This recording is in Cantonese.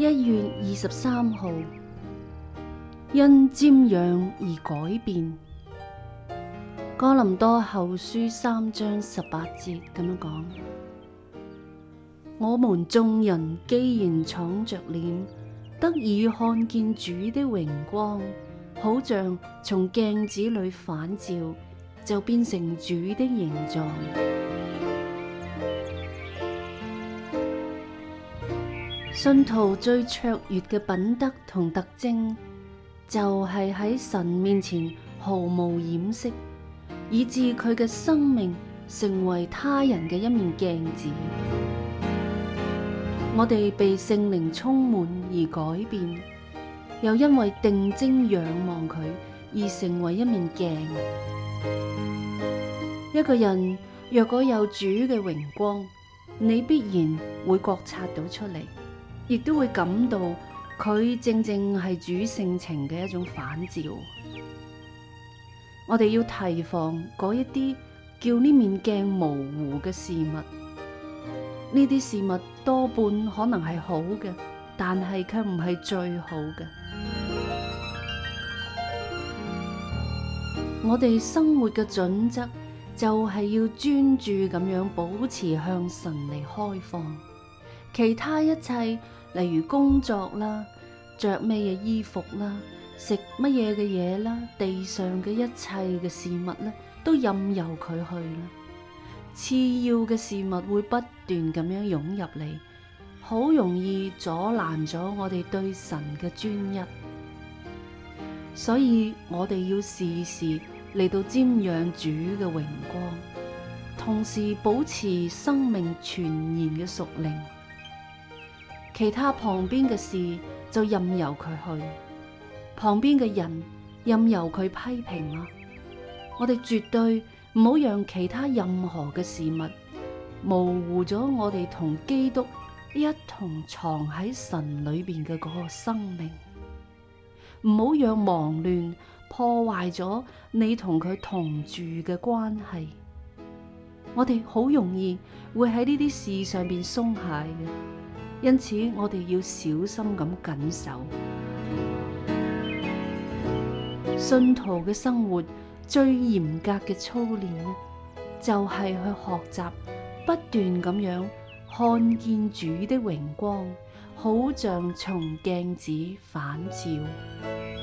一月二十三號，因瞻仰而改變。哥林多後書三章十八節咁樣講： 我們眾人既然敞着臉，得以看見主的榮光，好像從鏡子裏反照，就變成主的形狀。信徒最卓越嘅品德同特徵，就係喺神面前毫無掩飾，以致佢嘅生命成為他人嘅一面鏡子。我哋被聖靈充滿而改變，又因為定睛仰望佢而成為一面鏡。一個人若果有主嘅榮光，你必然會覺察到出嚟。亦都會感到佢正正係主性情嘅一種反照。我哋要提防嗰一啲叫呢面鏡模糊嘅事物。呢啲事物多半可能係好嘅，但係佢唔係最好嘅。我哋生活嘅準則就係要專注咁樣保持向神嚟開放。其他一切，例如工作啦、着咩嘢衣服啦、食乜嘢嘅嘢啦、地上嘅一切嘅事物咧，都任由佢去啦。次要嘅事物會不斷咁樣湧入嚟，好容易阻攔咗我哋對神嘅專一，所以我哋要時時嚟到瞻仰主嘅榮光，同時保持生命全然嘅屬靈。其他旁邊嘅事就任由佢去，旁邊嘅人任由佢批評啦，啊。我哋絕對唔好讓其他任何嘅事物模糊咗我哋同基督一同藏喺神裏邊嘅嗰個生命。唔好讓忙亂破壞咗你同佢同住嘅關係。我哋好容易會喺呢啲事上邊鬆懈嘅。因此，我哋要小心咁謹守。信徒嘅生活最嚴格嘅操練就係去學習不斷咁樣看見主的榮光，好像從鏡子反照。